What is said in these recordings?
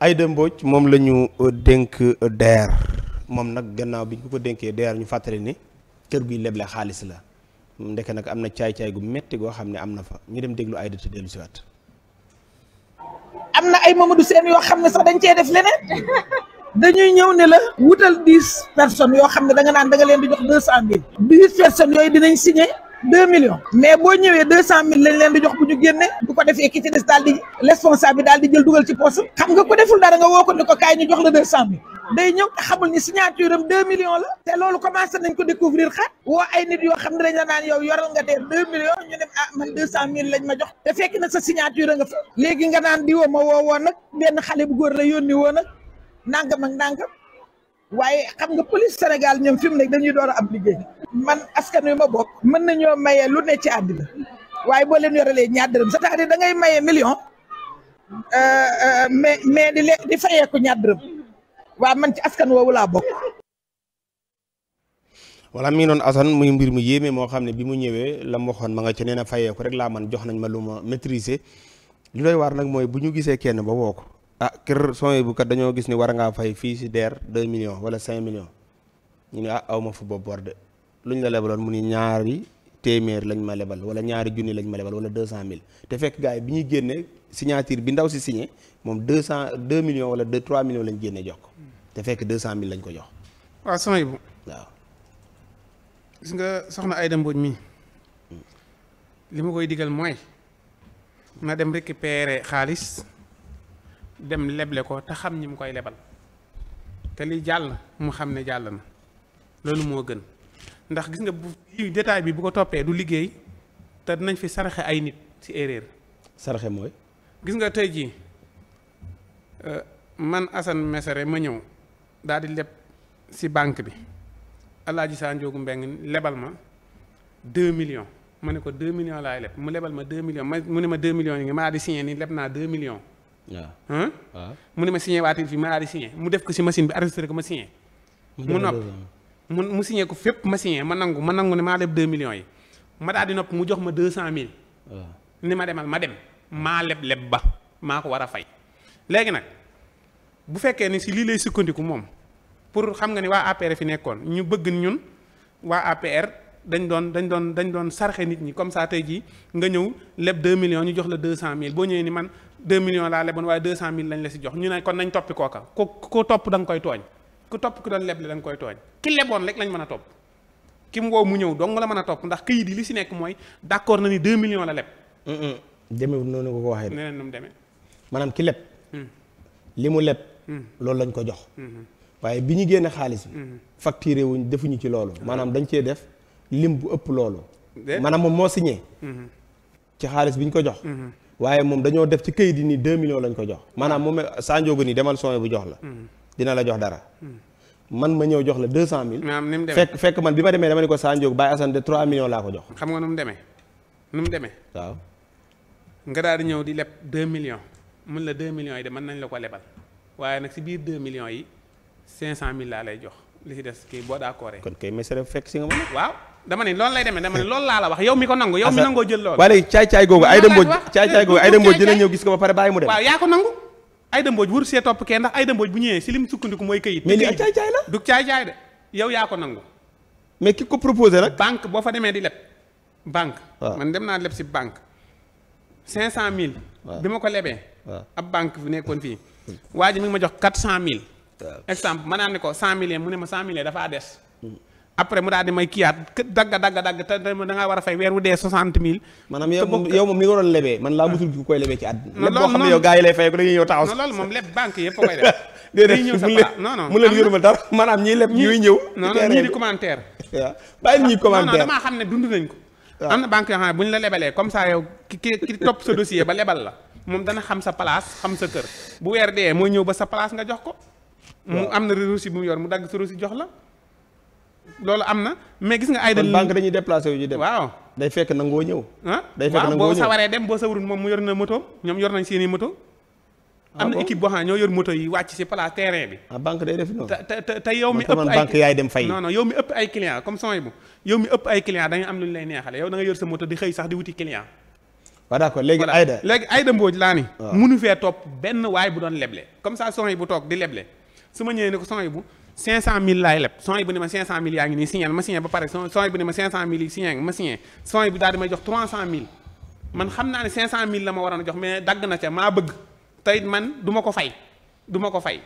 Aïda Mbodj moom la ñu euh, dénk euh, DER moom nag gannaaw bi ñu ko dénkee DER ñu fàttali ni kër guy leble xaalis la ndeke nag am na caay-caay gu metti goo xam ne am na fa ñu dem déglu Aïda te dellu siwaat am na ay Mamadou Sène yoo xam ne sax dañ cee def leneen dañuy ñëw ne la wutal dix personnes yoo xam ne da nga naan da leen di jox deux cent mille dix yooyu dinañ signé deux millions mais boo ñëwee deux cent mille lañ leen di jox bu ñu génnee bu ko defee ki ci des daal di responsable bi daal jël dugal ci poste xam nga ko deful dara nga woo ko ne ko kaay ñu jox la deux cent mille day ñëw te xamul ni signature am deux millions la te loolu commencé nañ ko découvrir xat woo ay nit yoo xam ne dañ la naan yow yoral nga teer deux millions ñu ne ah man deux cent mille lañ ma jox te fekk na sa signature nga fa léegi nga naan di woo ma woo woon nag benn xale bu góor la yónni woon nag nangam ak nangam waaye xam nga police Sénégal ñoom fi mu nekk dañuy door a am liggéey man askan wi ma bokk mën nañoo maye lu ne ci àddina waaye boo leen yorelee ñaar dërëm c'est-à-dire da ngay maye million euh, euh, mais mais di lee fayeeku ñaar waa man ci askan woowu laa bokk voilà mi ngi doon Assane muy mbir mu yéeme moo xam ne bi mu ñëwee la mu waxoon ma nga ci nee na fayeeku rek laa man jox nañ ma lu ma maîtriser li doy waar nag mooy bu ñu gisee kenn ba woo ko ah kër sony bu kat dañoo gis ni war ngaa fay fii si DER 2 millions wala 5 millions ñu ne ah, lu ñu la lebaloon mu ni ñaari téeméer lañ ma lebal wala ñaari junni lañ ma lebal wala deux cent mille te fekk gars yi bi ñuy génne signature bi ndaw si signé moom deux cent deux millions wala deux trois millions lañ génne jox ko te fekk deux cent mille lañ ko jox. waaw samay bu waaw. gis nga soxna Aïda Mbodj mii li ma koy digal mooy na dem récupérer xaalis dem leble ko te xam ñi mu koy lebal te li jàll mu xam ne jàll na loolu moo gën. ndax gis nga bu fii détail bi bu ko toppee du liggéey te dinañ fi saraxe ay nit ci erreur. saraxe mooy. gis nga tey jii euh, man Assane Mesere ma ñëw daal di leb ci banque bi Alaaji Sa Njoogu Mbeng lebal ma 2 millions ma ne ko 2 millions laay leb mu lebal ma 2 millions ma mu ne ma 2 millions yi nga maa di signé ni leb naa 2 millions. mu ne ma signé waatil fii ma daa di signé mu def ko ci machine bi arrêté ko ma signé. mu noppi mun mu signé ko fépp ma signé ma nangu ma nangu ne maa leb 2 millions yi ma daal di nopp mu jox ma deux 200000. waaw ah. ni ma demal ma dem maa leb leb ba maa ko war a fay. léegi nag bu fekkee ni si lii lay sukkandiku moom pour xam nga ni waa APR fi nekkoon ñu bëgg ñun waa APR dañ doon dañ doon dañ doon sarxe nit ñi comme ça tey jii nga ñëw leb 2 millions ñu jox la 200000 boo ñëwee ni man 2 millions laa leboon waaye 200000 lañ la si jox topp da nga koy tooñ. ku topp ku doon leble da nga koy tooñ ki leboon rek lañ mën a topp ki mu woo mu ñëw dong la mën a topp ndax këyit yi li si nekk mooy d'accord na ni 2 millions la leb. demeewul noonu ko ko waxee. neneen nu mu demee. ki leb. Mm. li mu leb. Mm. loolu lañ ko jox. Mm-hmm. waaye bi ñu génne xaalis bi. Mm-hmm. facturé wuñ defuñu ci loolu. Ah. maanaam dañ cee def lim bu ëpp loolu. maanaam moom moo signé. Mm-hmm. ci xaalis bi ko jox. waaye moom dañoo def ci këyit yi nii 2 lañ ko jox. maanaam moom Sandiogou nii demal sooy bu jox la. dina la jox dara. man ma ñëw jox la deux cent mille. maanaam ni mu demee fekk fekk man bi ma demee dama ne ko Sa Ndiogou Baye xam nga nu mu demee waaw. nga daal di ñëw di leb deux millions mun la deux la ko lebal waaye nag si biir deux millions yi cinq jox li si dama ne loolu lay demee dama ne loolu laa la wax yow mi ko nangu yow mi nangoo jël loolu. waaye caay caay googu ay dem caay caay googu ay dem dina ñëw gis ko ba pare bàyyi mu dem. waaw yaa ko nangu. ay Mbodj wër see topp kee ndax ay Mbodj bu ñëwee si lim sukkandiku mooy kayit. mais lii caay caay la caay caay de yow yaa ko nangu. mais ki ko proposé rek. banque boo fa demee di leb banque. man dem naa leb si banque. cent waaw bi ma ko lebee. ab banque bi nekkoon fii. waa ji mi ngi ma jox 400000. waaw exemple ma naan ne ko 100000 mu ne ma 100000 dafaa des. Hmm. après mu daal di may kiyaat dagga dagga dagg te da ngaa war a fay weer wu dee soixante mille maanaam yow moom mi nga waroon lebee man laa musul ku koy lebee ci àddina lépp xam ne mu leen yërëmal dara ah, dund nañ na banque la lebalee comme ça yow ki ki topp sa dossier ba moom dana xam sa place xam sa kër bu weer dee mooy ñëw ba sa place nga jox ko mu am na reçu bu mu yor mu dagg sa reçu jox la loolu am na mais gis nga. ay da banque dañuy déplacé wu ñu dem. waaw day fekk nangoo ñëw. day fekk nangoo ñëw waaw boo sa dem boo sa moom mu yor na moto ñoom yor nañ seen moto. Ah am na équipe boo xam ne ñoo yor moto yi wàcc si place terrain bi. Ah, banque day def noonu. te te te yow mi ëpp ay yaay dem fay. non non yow mi ëpp ay client comme son yi bu yow mi ëpp ay client da am lu ñu lay neexale yow da yor sa moto di xëy sax di wuti client. waaw ah, d'accord léegi Aïda léegi Aïda Mbodj laa ni munu fee topp benn waay bu doon leble comme ça son yi bu toog di leble su ma ñëwee ne ko son yi bu 500000 laay leb son yi bu ne ma 500000 yaa ngi nii signé ma signé ba pare son yi bu ne ma 500000 yi signé ma signé son yi bu daal di may jox 300000 man xam naa ne 500000 la ma waroon a jox mais dagg na ca maa bëgg teyit man du ma ko fay du ma ko fay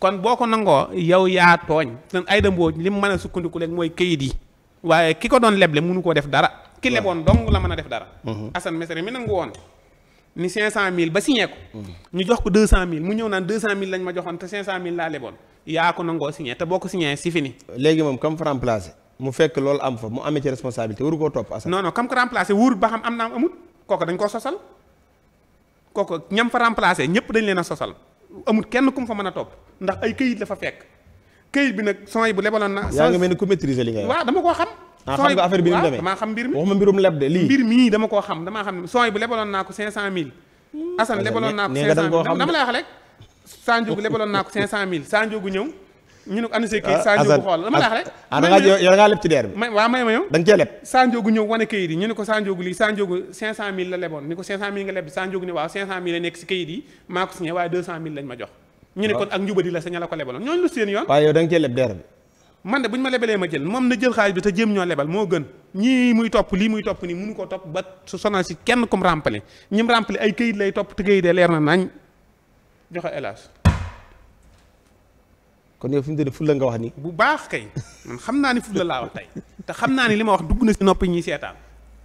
kon boo ko nangoo yow yaa tooñ seen Aïda Mbodj li mu mën a sukkandiku rek mooy kayit yi waaye ki ko doon leble mënu koo def dara ki leboon dong la mën a def dara mhm. Assane Mesere mi nangu woon ni 500000 ba signé ko mhm. ñu jox ko 200000 mu ñëw naan 200000 lañ ma joxoon te 500000 laa leboon yaa ko nangoo signé te boo ko signé si fini. léegi moom kam fa remplacé mu fekk loolu am fa mu amee ci responsabilité waru koo topp Assane. non non kam ko remplacé wóorul ba xam am na am amut kooku dañ koo sosal kooku ñam fa remplacé ñëpp dañ leen a sosal amut kenn kum fa mën a topp ndax ay këyit la fa fekk këyit bi nag son yi bu lebaloon na. yaa ngi mel ni ku maîtriser li ngay wax waaw ah, lebaloon naa ko 500000. Hmm. Assane lebaloon dama lay wax rek Sa Ndiogou lebaloon naa ko 500000 Sa Ndiogou ñëw. ñu ne ko andi see kayit ah, Sa Ndiogou xool dama laax rek. ah da ngaa yow da ngaa leb ma yow. ñu ni ko 500000 nga leb la nekk ko signé waaye ah. lu seen yoon. waaw yow da nga jéem ñoo lebal moo gën ñii muy topp lii muy topp nii mënu ko topp ba sonal si kenn kum ràmpale ñim ràmpale ay kayit lay topp te kayit leer na nañ joxe hélas kon yow fi mu ne fulla nga wax ni bu baax kay xam naa ni fulla laa wax tey te xam naa ni li ma wax dugg na si noppi ñi seetaan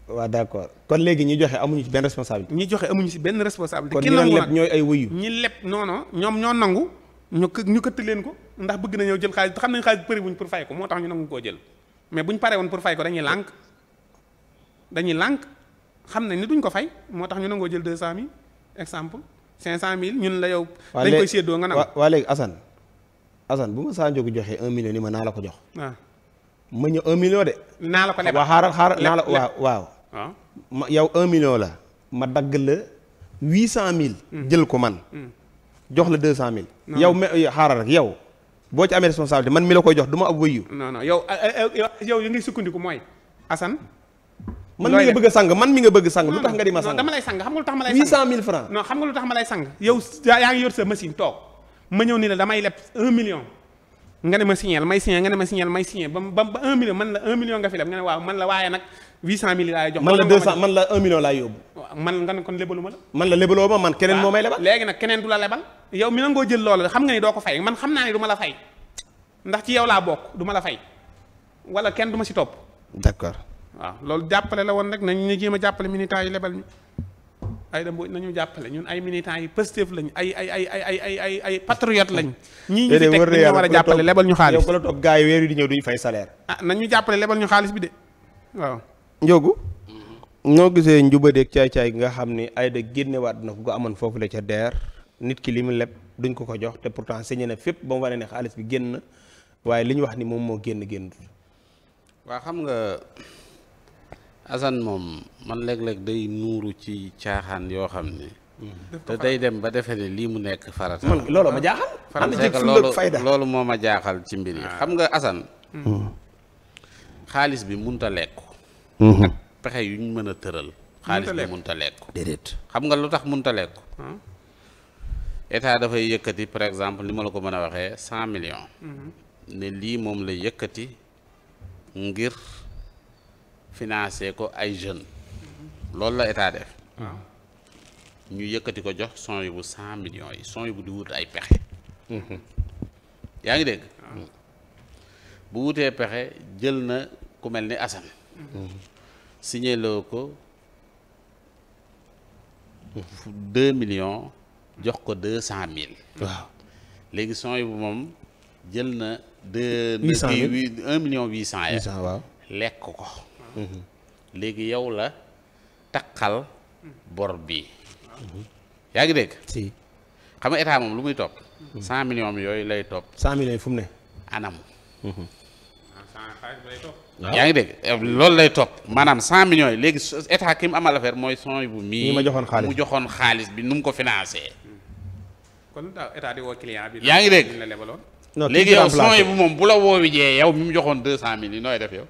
waaw d'accord kon léegi ñi joxe amuñu ci benn responsabilité ñi joxe amuñu si benn responsabilité ki nangu nag ñooy ay wuyu ñi leb non non ñoom ñoo nangu ñu ñu këtt leen ko ndax bëgg nañoo ñëw jël xaalis te xam nañ xaalis bëri wuñ pour fay ko moo tax ñu nangu koo jël mais buñ paree woon pour fay ko dañuy lànk dañuy lànk xam nañ ni duñ ko fay moo tax ñu nangoo jël deux cent mille exemple cinq cent mille ñun la yow. dañ nga nangu waa léegi Assane Assane bu ma saa njóogu joxee un million ni ma naa la ko jox. Ah. ma ñëw un million de. naa la ko lebal xaaral xaaral naa la waaw waaw. Ah. ma yow un million la. ma dagg la huit cent mille. Hmm. jël ko man. Hmm. jox la deux cent mille. yow me xaaral rek yow. boo ci amee responsabilité man mi la koy jox du ma ab wëyu. non non yow eh, eh, yow yi ngay sukkandiku mooy Assane. man mi nga bëgg a sang man mi nga bëgg a sang lu tax nga di ma sang dama lay sang xam nga lu tax ma lay sang 800000 yaa ngi yor sa machine toog ma ñëw ni la damay leb 1 million nga ne ma signal may signal nga ne ma signal may signal ba ba 1 million man la 1 million nga fi leb nga ne waaw man la waaye million laay yóbbu man nga ne kon lebalu ma la man la lebaloo ma man keneen moo may lebal léegi nag keneen du la lebal yow mi nangoo jël loolu xam nga ni doo ko laa bokk du ma la fay wala kenn du ma si topp d'accord waaw loolu jàppale la woon rek nañu ñu jéem a jàppale militants yi lebal ñu ay dem ñun ay militants yi Pastef lañ ay ay ay ay ay ay lañ. ñii ñu fi teg ñu jàppale lebal ñu xaalis. yow ku la toog gars yi di ñëw duñu fay salaire. ah nañu jàppale lebal ñu xaalis bi de waaw. Ndiogou. noo gisee njubadeeg caay-caay gi nga xam ni Aida génnewaat na ko amoon foofu la ca DER nit ki li mu leb duñ ko ko jox te pourtant sañe ne fépp ba mu wane ne xaalis bi génn waaye li ñu wax ni moom moo génn génn. waaw xam nga Assane moom man léeg-léeg day nuuru ci caaxaan yoo xam ne. Mm-hmm. te day dem ba defe ne lii mu nekk farata. man loolu ma jaaxal. loolu moo ma jaaxal ci mbir yi ah. xam nga Assane. Mm-hmm. xaalis bi munta lekku mm-hmm. ak pexe yu ñu mën a tëral. xaalis bi munta lekku déedéet xam nga lu tax munta lekku ah. état dafay yëkkati par exemple li ma la ko mën a waxee cent million ne lii moom la yëkkati ngir. financé ko ay jeunes loolu la état def ñu yëkkati ko jox son yi bu cent millions yi son bu di wut ay pexe mhm. yaa ngi dégg bu wutee pexe jël na ku mel ni Assane mhm. signé ko deux million jox ko deux cent mille waaw léegi son bu moom jël na deux mille un million huit cent ya lekk ko léegi yow la taqal bor bi yaa ngi dégg. si xam nga état moom lu muy topp. cent millions yooyu lay topp. cent millions yi fu mu ne. anam. Mhm. yaa ngi dégg eh, lool lay topp maanaam cent millions yi léegi état ki mu amal affaire mooy son bu mii ma joxoon xaalis mu joxoon xaalis bi nu mu ko financé. kon état di woo client bi. yaa ngi dégg léegi yow son bu moom bu la woowee jee yow mu joxoon deux cent mille yi nooy def yow.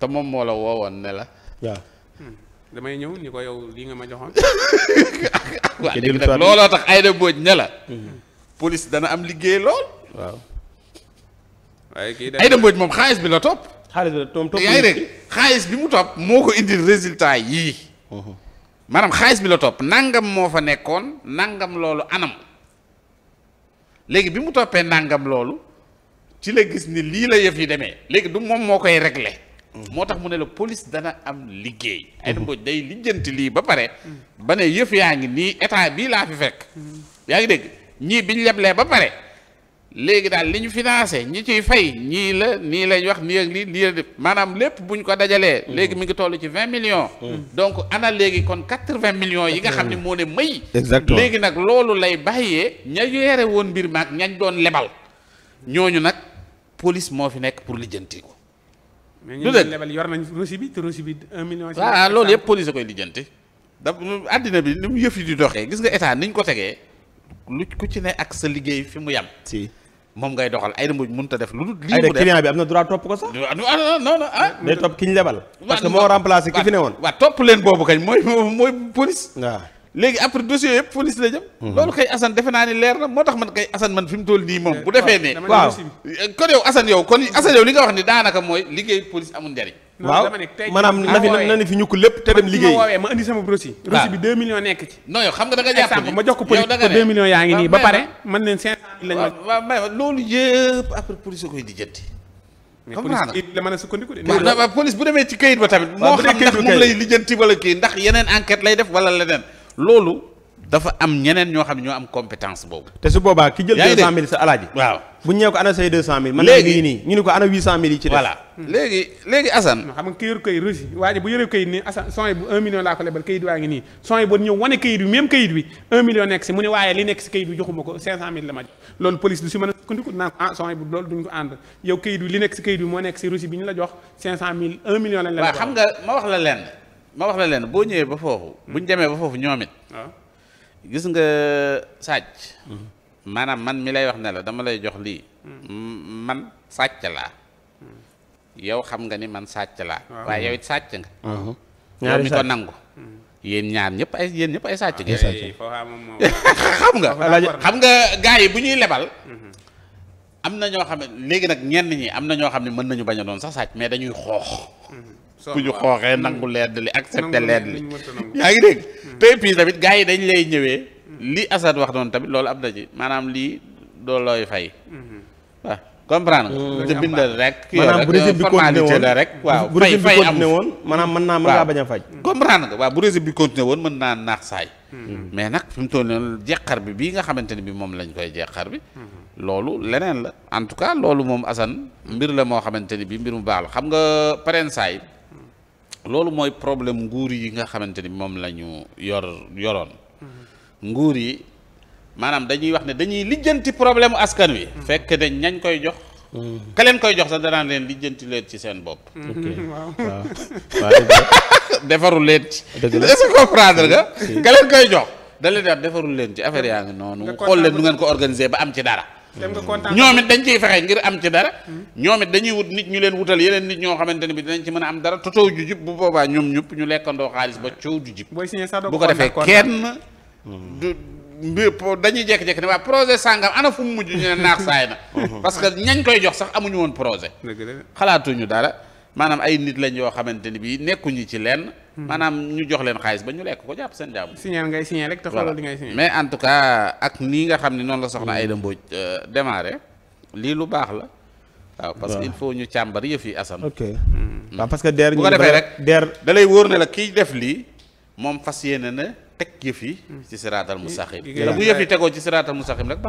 te moom moo la woowoon ne la. waaw. Hmm. damay ñëw ni ko yow lii nga ma joxoon. waa léegi looloo tax Aïda booj ne la. Hmm. police dana am liggéey lool. waaw. waaye booj moom xaalis bi la topp. xaalis bi la topp xaalis bi mu topp moo ko indi résultat yii. Uh-huh. maanaam xaalis bi la topp nangam moo fa nekkoon nangam loolu anam. léegi bi mu toppee nangam loolu ci la gis ni lii la yëf yi demee léegi du moom moo koy regle moo tax mu ne la police dana am liggéey. Mm-hmm. ay na day lijjanti lii ba pare. Mm-hmm. ba ne yëf yaa ngi nii état bii laa fi fekk. Mm-hmm. yaa ngi dégg ñii ñu leblee ba pare léegi daal li ñu financé ñi ciy fay ñii la nii lay wax nii ak lii nii la maanaam lépp buñ ko dajalee. léegi mi ngi toll ci vingt millions. donc ana léegi kon quatre vingt millions yi nga xam ne moo ne may. exactement léegi nag loolu lay bàyyee ña yore woon mbir maag ñañ doon lebal ñooñu nag police moo fi nekk pour lijjanti du dëgg lebal yor nañ reçu bi te reçu bi un million. ah loolu bi ni mu yëf yi di doxee gis nga état ni ñu ko tegee lu ku ci ne ak sa liggéey fi mu yam. si moom ngay doxal ay dama mënut a def lu dul. lii mu def client bi am na droit topp ko sax. ah non non ah. topp moo remplacé ki fi ne woon. waaw topp leen boobu kañ mooy mooy police. waaw. léegi après dossier yëpp police la jëm. Mhm. loolu kay Assane defe naa ni leer na moo tax man kay Assane man fi mu toll nii moom. bu defee ne waaw kon yow Assane yow kon Assane yow li nga wax ni daanaka mooy liggéey police amul njariñ. waaw maanaam na fi na ne fi ñu ni ma jox ko police man leen 500 loolu yëpp après police koy di jënti la a sukkandiku de police bu demee ci kayit ba tamit moo xam ndax moom lay lijjanti ndax yeneen enquête lay def wala leneen loolu dafa am ñeneen ñoo xam ne ñoo am compétence boobu. te su boobaa ki jël 200000 sa alaaji. waaw bu ñu ñëwee ko ana say 200000. man léegi nii nii ñu ne ko ana 800000 yi ci def. waa ji bu yoree kayit nii Assane son bu waa ngi nii son bu ñëw wane kayit bi même kayit bi 1 nekk si mu ne waaye li nekk si kayit bi joxuma ko 500000 la ma jox. loolu police du si mën a sukkandiku naan ah son loolu duñ ko ànd yow kayit bi li nekk si kayit bi moo nekk si reçu bi ñu la jox 500000 1 million nga ma wax la lenn ma wax la leen boo ñëwee ba foofu. Hmm. bu ñu demee ba foofu ñoom gis nga uh, sàcc. Hmm. maanaam man mi lay wax ne la dama lay jox lii. Hmm. man sàcc laa. yow xam nga ni man sàcc laa. waaye yow it sàcc nga. Uh-huh. ñaari mi ko nangu. yéen ñaar ñëpp ay yéen ñëpp ay sàcc ah, ngeen. xam nga. xam nga gars yi bu ñuy lebal. am na ñoo xam ne léegi nag ñenn ñi am na ñoo xam ne mën nañu bañ a doon sax sàcc mais dañuy xoox. ku ñu xooxee nangu ledd li accepté ledd li yaa ngi dégg hmm. te puis tamit gars yi dañ lay ñëwee hmm. li Assane wax noonu tamit loolu ab na ci maanaam lii doo looy fay hmm. waaw comprendre nga te bindal rek maanaam bu régime bi rek waaw bu régime bi woon maanaam mën naa mën bañ a faj comprendre nga waaw bu régime bi continué woon mën naa naax saay mais nag fi mu toll nii jeqar bi bii nga xamante ni bi moom lañ koy jeexar bi loolu leneen la en tout cas loolu moom Assane mbir la moo xamante ni bi mbir mu baax la xam nga pareen saay loolu mooy problème nguur yi nga xamante ni moom lañu yor yoroon. nguur yi maanaam dañuy wax ne dañuy lijjanti problème u askan wi. Mm-hmm. fekk ne ñañ koy jox. Mm-hmm. ka leen koy jox sa danaan leen lijjanti leen ci seen bopp. Mm-hmm. ok waaw defarul leen ci. dëgg la est-ce que comprendre nga. ka leen koy jox da leen di leen ci affaire yaa ngi noonu. xool leen nu ngeen ko organiser ba am ci dara. dem nga kontaan ñoom dañ ciy fexe ngir am ci dara ñoom it dañuy wut nit ñi leen wutal yeneen nit ñoo xamante ne bi dinañ ci mën a am dara totoo ju jub bu boobaa ñoom ñëpp ñu lekkandoo xaalis ba coow ju jub bu ko defee kenn du po dañuy jékki-jékki ne waa projet sàngam ana fu mu mujj ñu ne naax saay na parce que ñañ koy jox sax amuñu woon projet xalaatuñu dara maanaam ay nit lañ yoo xamante ni bii nekku ñu ci lenn. Hmm. maanaam ñu jox leen xaalis ba ñu lekk ko jàpp seen jàmm. signal ngay signal rek te xoolal li ngay signal. mais en tout cas ak nii nga xam ne noonu la soxna hmm. Aïda Mbodj euh, démarré lii lu baax la. waaw parce que il faut ñu càmbar yëf yi Assane. ok hmm. waaw parce que der ñu bu ko defee rek der da wóor ne la kiy def lii moom fas yéene na. teg yëf yi ci siraatal mustaqim te bu yëf yi tegoo ci siraatal mustaqim rek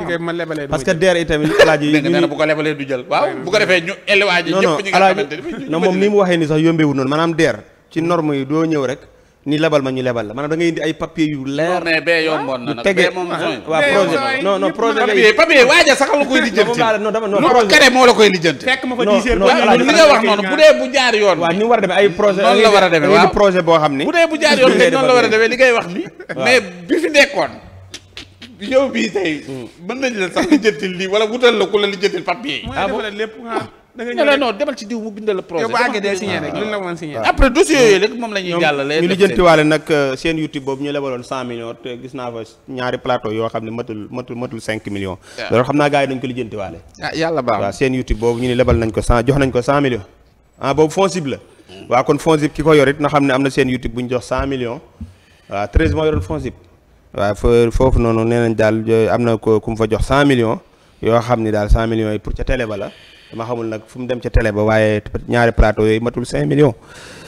parce que deer yi tamit alaaji yi nee na bu ko lebalee du jël waaw bu ko defee ñu élewaaji ñëpp ñi nga ni mu waxee ni sax yombeewul noonu maanaam deer ci norme yi doo ñëw rek ni lebal ma ñu lebal la maanaam da ngay indi ay papier yu leer. mais bee yomboon ah, na nag bee moom ah, waaw projet non non projet papier papier waaja sax la koy lijjanti non dama non moo la koy lijjanti noonu a demee ay projet noonu la war a demee waaw projet boo xam ni bu dee bu jaar yoon li ngay wax ni mais bi fi nekkoon yow bii tey mm. mën nañ la sax lijjantil lii wala wutal la ku la lijjantil papier yi da nga ñëw non demal ci diw mu bindal projet. yow bu àggee dee signé rek luñ la mën signé. après dossier yooyu rek moom la ñuy jàllale. ñu lijjantiwaale nag euh, seen YouTube boobu ñu lebaloon 100 millions te gis naa fa ñaari plateau yoo xam ne matul matul matul 5 millions. waaw loolu xam naa gars yi dañ ko lijjantiwaale. ah yàlla baax waaw seen YouTube boobu ñu ne lebal nañ ko 100 jox nañ ko 100 millions. ah boobu Fonsib la. waaw kon Fonsib ki ko yor it na xam ne am na seen YouTube bu ñu jox 100 millions. waaw 13 moo yoroon Fonsib. waaw foofu noonu nee nañ daal am na ko ku mu fa jox 100 millions yoo xam ni daal 100 millions yi pour ca télé ba la dama xamul nag fu mu dem ca télé ba waaye ñaari plateau yooyu matul 5 millions